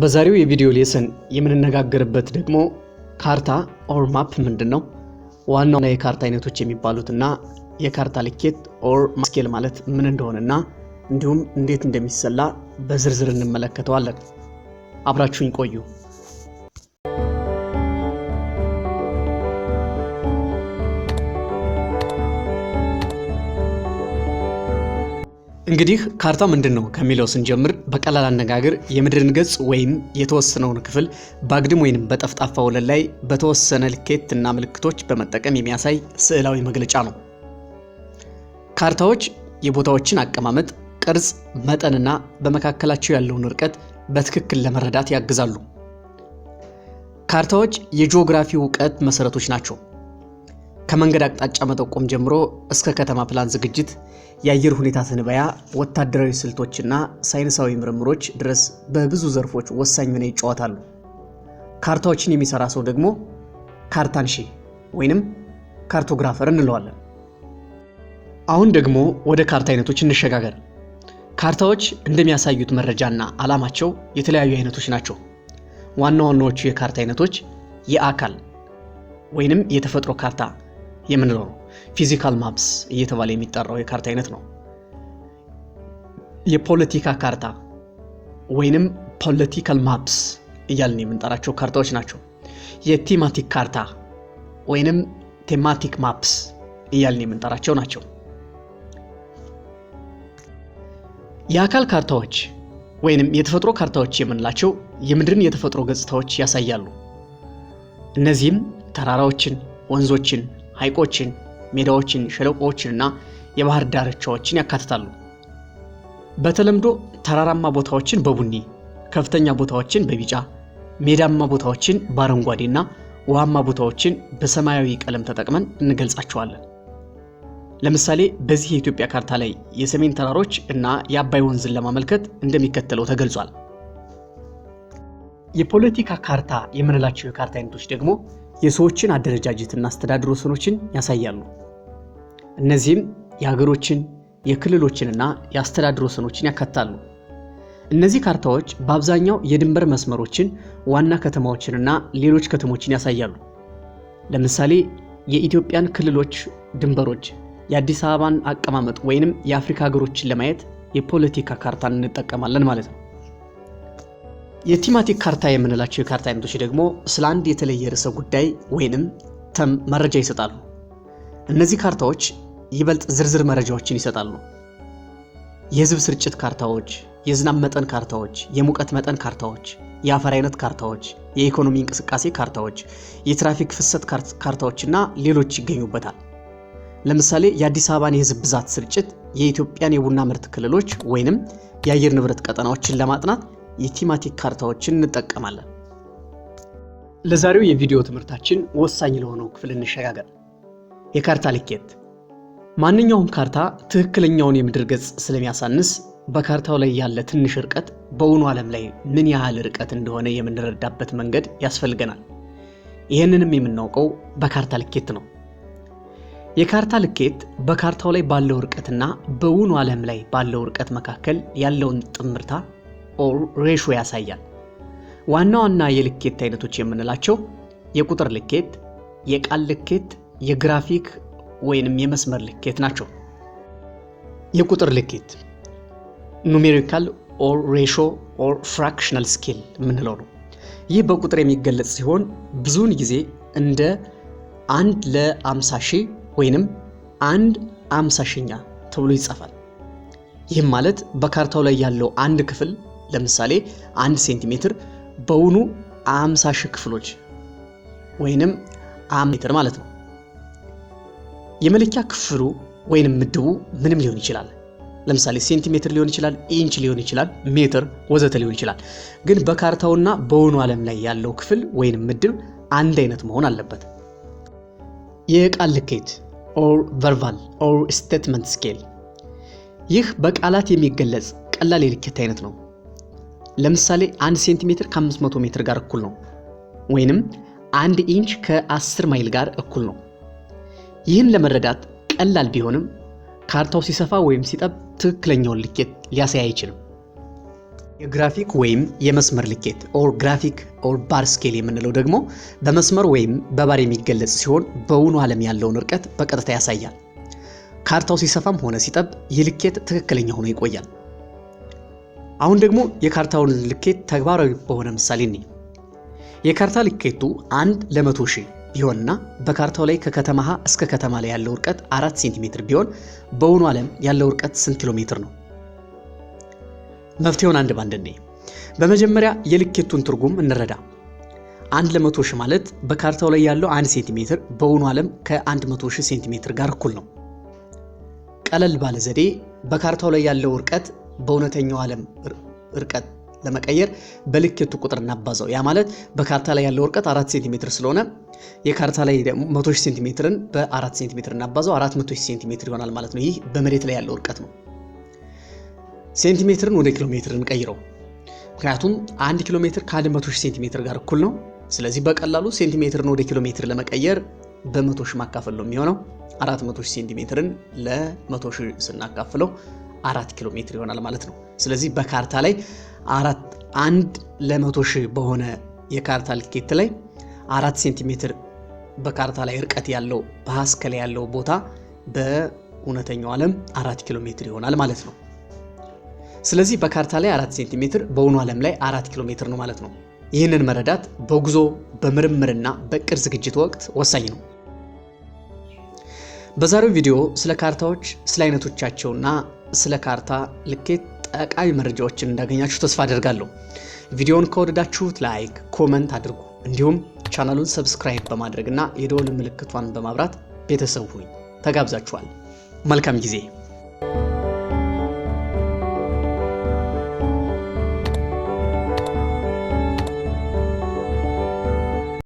በዛሬው የቪዲዮ ሌሰን የምንነጋገርበት ደግሞ ካርታ ኦር ማፕ ምንድን ነው፣ ዋናውና የካርታ አይነቶች እና የካርታ ልኬት ኦር ማስኬል ማለት ምን እንደሆነና እንዲሁም እንዴት እንደሚሰላ በዝርዝር እንመለከተዋለን። አብራችሁኝ ቆዩ። እንግዲህ ካርታ ምንድን ነው ከሚለው ስንጀምር በቀላል አነጋገር የምድርን ገጽ ወይም የተወሰነውን ክፍል በአግድም ወይንም በጠፍጣፋ ወለል ላይ በተወሰነ ልኬት እና ምልክቶች በመጠቀም የሚያሳይ ስዕላዊ መግለጫ ነው። ካርታዎች የቦታዎችን አቀማመጥ፣ ቅርጽ፣ መጠንና በመካከላቸው ያለውን ርቀት በትክክል ለመረዳት ያግዛሉ። ካርታዎች የጂኦግራፊ እውቀት መሰረቶች ናቸው። ከመንገድ አቅጣጫ መጠቆም ጀምሮ እስከ ከተማ ፕላን ዝግጅት፣ የአየር ሁኔታ ትንበያ፣ ወታደራዊ ስልቶችና ሳይንሳዊ ምርምሮች ድረስ በብዙ ዘርፎች ወሳኝ ሚና ይጫወታሉ። ካርታዎችን የሚሰራ ሰው ደግሞ ካርታንሺ ወይንም ካርቶግራፈር እንለዋለን። አሁን ደግሞ ወደ ካርታ አይነቶች እንሸጋገር። ካርታዎች እንደሚያሳዩት መረጃና ዓላማቸው የተለያዩ አይነቶች ናቸው። ዋና ዋናዎቹ የካርታ አይነቶች የአካል ወይንም የተፈጥሮ ካርታ የምንለው ነው። ፊዚካል ማፕስ እየተባለ የሚጠራው የካርታ አይነት ነው። የፖለቲካ ካርታ ወይንም ፖለቲካል ማፕስ እያልን የምንጠራቸው ካርታዎች ናቸው። የቴማቲክ ካርታ ወይንም ቴማቲክ ማፕስ እያልን የምንጠራቸው ናቸው። የአካል ካርታዎች ወይንም የተፈጥሮ ካርታዎች የምንላቸው የምድርን የተፈጥሮ ገጽታዎች ያሳያሉ። እነዚህም ተራራዎችን፣ ወንዞችን፣ ሐይቆችን፣ ሜዳዎችን፣ ሸለቆዎችንና የባህር ዳርቻዎችን ያካትታሉ። በተለምዶ ተራራማ ቦታዎችን በቡኒ ከፍተኛ ቦታዎችን በቢጫ ሜዳማ ቦታዎችን በአረንጓዴና ውሃማ ቦታዎችን በሰማያዊ ቀለም ተጠቅመን እንገልጻቸዋለን። ለምሳሌ በዚህ የኢትዮጵያ ካርታ ላይ የሰሜን ተራሮች እና የአባይ ወንዝን ለማመልከት እንደሚከተለው ተገልጿል። የፖለቲካ ካርታ የምንላቸው የካርታ አይነቶች ደግሞ የሰዎችን አደረጃጀትና አስተዳደር ወሰኖችን ያሳያሉ። እነዚህም የሀገሮችን የክልሎችንና የአስተዳደር ወሰኖችን ያካትታሉ። እነዚህ ካርታዎች በአብዛኛው የድንበር መስመሮችን፣ ዋና ከተማዎችንና ሌሎች ከተሞችን ያሳያሉ። ለምሳሌ የኢትዮጵያን ክልሎች ድንበሮች፣ የአዲስ አበባን አቀማመጥ ወይንም የአፍሪካ ሀገሮችን ለማየት የፖለቲካ ካርታን እንጠቀማለን ማለት ነው። የቲማቲክ ካርታ የምንላቸው የካርታ አይነቶች ደግሞ ስለ አንድ የተለየ ርዕሰ ጉዳይ ወይንም ተም መረጃ ይሰጣሉ። እነዚህ ካርታዎች ይበልጥ ዝርዝር መረጃዎችን ይሰጣሉ። የህዝብ ስርጭት ካርታዎች፣ የዝናብ መጠን ካርታዎች፣ የሙቀት መጠን ካርታዎች፣ የአፈር አይነት ካርታዎች፣ የኢኮኖሚ እንቅስቃሴ ካርታዎች፣ የትራፊክ ፍሰት ካርታዎችና ሌሎች ይገኙበታል። ለምሳሌ የአዲስ አበባን የህዝብ ብዛት ስርጭት፣ የኢትዮጵያን የቡና ምርት ክልሎች ወይንም የአየር ንብረት ቀጠናዎችን ለማጥናት የቲማቲክ ካርታዎችን እንጠቀማለን። ለዛሬው የቪዲዮ ትምህርታችን ወሳኝ ለሆነው ክፍል እንሸጋገር። የካርታ ልኬት። ማንኛውም ካርታ ትክክለኛውን የምድር ገጽ ስለሚያሳንስ በካርታው ላይ ያለ ትንሽ ርቀት በውኑ ዓለም ላይ ምን ያህል ርቀት እንደሆነ የምንረዳበት መንገድ ያስፈልገናል። ይህንንም የምናውቀው በካርታ ልኬት ነው። የካርታ ልኬት በካርታው ላይ ባለው ርቀትና በውኑ ዓለም ላይ ባለው ርቀት መካከል ያለውን ጥምርታ ኦር ሬሾ ያሳያል። ዋና ዋና የልኬት አይነቶች የምንላቸው የቁጥር ልኬት፣ የቃል ልኬት፣ የግራፊክ ወይንም የመስመር ልኬት ናቸው። የቁጥር ልኬት ኑሜሪካል ኦር ሬሾ ኦር ፍራክሽናል ስኬል የምንለው ነው። ይህ በቁጥር የሚገለጽ ሲሆን ብዙውን ጊዜ እንደ አንድ ለአምሳ ሺህ ወይንም አንድ አምሳሽኛ ተብሎ ይጻፋል። ይህም ማለት በካርታው ላይ ያለው አንድ ክፍል ለምሳሌ አንድ ሴንቲሜትር በውኑ 50 ሺህ ክፍሎች ወይንም ሜትር ማለት ነው። የመለኪያ ክፍሉ ወይንም ምድቡ ምንም ሊሆን ይችላል። ለምሳሌ ሴንቲሜትር ሊሆን ይችላል፣ ኢንች ሊሆን ይችላል፣ ሜትር ወዘተ ሊሆን ይችላል። ግን በካርታውና በውኑ ዓለም ላይ ያለው ክፍል ወይንም ምድብ አንድ አይነት መሆን አለበት። የቃል ልኬት ኦር ቨርባል ኦር ስቴትመንት ስኬል ይህ በቃላት የሚገለጽ ቀላል የልኬት አይነት ነው። ለምሳሌ አንድ ሴንቲሜትር ከ500 ሜትር ጋር እኩል ነው፣ ወይንም አንድ ኢንች ከ10 ማይል ጋር እኩል ነው። ይህን ለመረዳት ቀላል ቢሆንም ካርታው ሲሰፋ ወይም ሲጠብ ትክክለኛውን ልኬት ሊያሳይ አይችልም። የግራፊክ ወይም የመስመር ልኬት ኦር ግራፊክ ኦር ባር ስኬል የምንለው ደግሞ በመስመር ወይም በባር የሚገለጽ ሲሆን በውኑ ዓለም ያለውን ርቀት በቀጥታ ያሳያል። ካርታው ሲሰፋም ሆነ ሲጠብ ይህ ልኬት ትክክለኛ ሆኖ ይቆያል። አሁን ደግሞ የካርታውን ልኬት ተግባራዊ በሆነ ምሳሌ እንይ። የካርታ ልኬቱ አንድ ለመቶ ሺህ ቢሆንና በካርታው ላይ ከከተማ እስከ ከተማ ላይ ያለው ርቀት አራት ሴንቲሜትር ቢሆን በውኑ ዓለም ያለው ርቀት ስንት ኪሎ ሜትር ነው? መፍትሄውን አንድ ባንድ እንይ። በመጀመሪያ የልኬቱን ትርጉም እንረዳ። አንድ ለመቶ ሺህ ማለት በካርታው ላይ ያለው አንድ ሴንቲሜትር በውኑ ዓለም ከአንድ መቶ ሺህ ሴንቲሜትር ጋር እኩል ነው። ቀለል ባለ ዘዴ በካርታው ላይ ያለው ርቀት በእውነተኛው ዓለም እርቀት ለመቀየር በልኬቱ ቁጥር እናባዛው። ያ ማለት በካርታ ላይ ያለው እርቀት አራት ሴንቲሜትር ስለሆነ የካርታ ላይ ደግሞ መቶ ሺህ ሴንቲሜትርን በአራት ሴንቲሜትር እናባዛው 400 ሴንቲሜትር ይሆናል ማለት ነው። ይህ በመሬት ላይ ያለው እርቀት ነው። ሴንቲሜትርን ወደ ኪሎ ሜትርን ቀይረው። ምክንያቱም አንድ ኪሎ ሜትር ከ መቶ ሺህ ሴንቲሜትር ጋር እኩል ነው። ስለዚህ በቀላሉ ሴንቲሜትርን ወደ ኪሎ ሜትር ለመቀየር በመቶ ሺህ ማካፈል ነው የሚሆነው። አራት ሴንቲሜትርን ለመቶ ሺህ ስናካፍለው አራት ኪሎ ሜትር ይሆናል ማለት ነው። ስለዚህ በካርታ ላይ አራት አንድ ለመቶ ሺህ በሆነ የካርታ ልኬት ላይ አራት ሴንቲሜትር በካርታ ላይ እርቀት ያለው ፓስከል ያለው ቦታ በእውነተኛው ዓለም አራት ኪሎ ሜትር ይሆናል ማለት ነው። ስለዚህ በካርታ ላይ አራት ሴንቲሜትር በእውኑ ዓለም ላይ አራት ኪሎ ሜትር ነው ማለት ነው። ይህንን መረዳት በጉዞ በምርምርና በቅድ ዝግጅት ወቅት ወሳኝ ነው። በዛሬው ቪዲዮ ስለ ካርታዎች፣ ስለ አይነቶቻቸውና ስለ ካርታ ልኬት ጠቃሚ መረጃዎችን እንዳገኛችሁ ተስፋ አደርጋለሁ። ቪዲዮውን ከወደዳችሁት ላይክ፣ ኮመንት አድርጉ። እንዲሁም ቻናሉን ሰብስክራይብ በማድረግና የደወል ምልክቷን በማብራት ቤተሰብ ሁኝ ተጋብዛችኋል። መልካም ጊዜ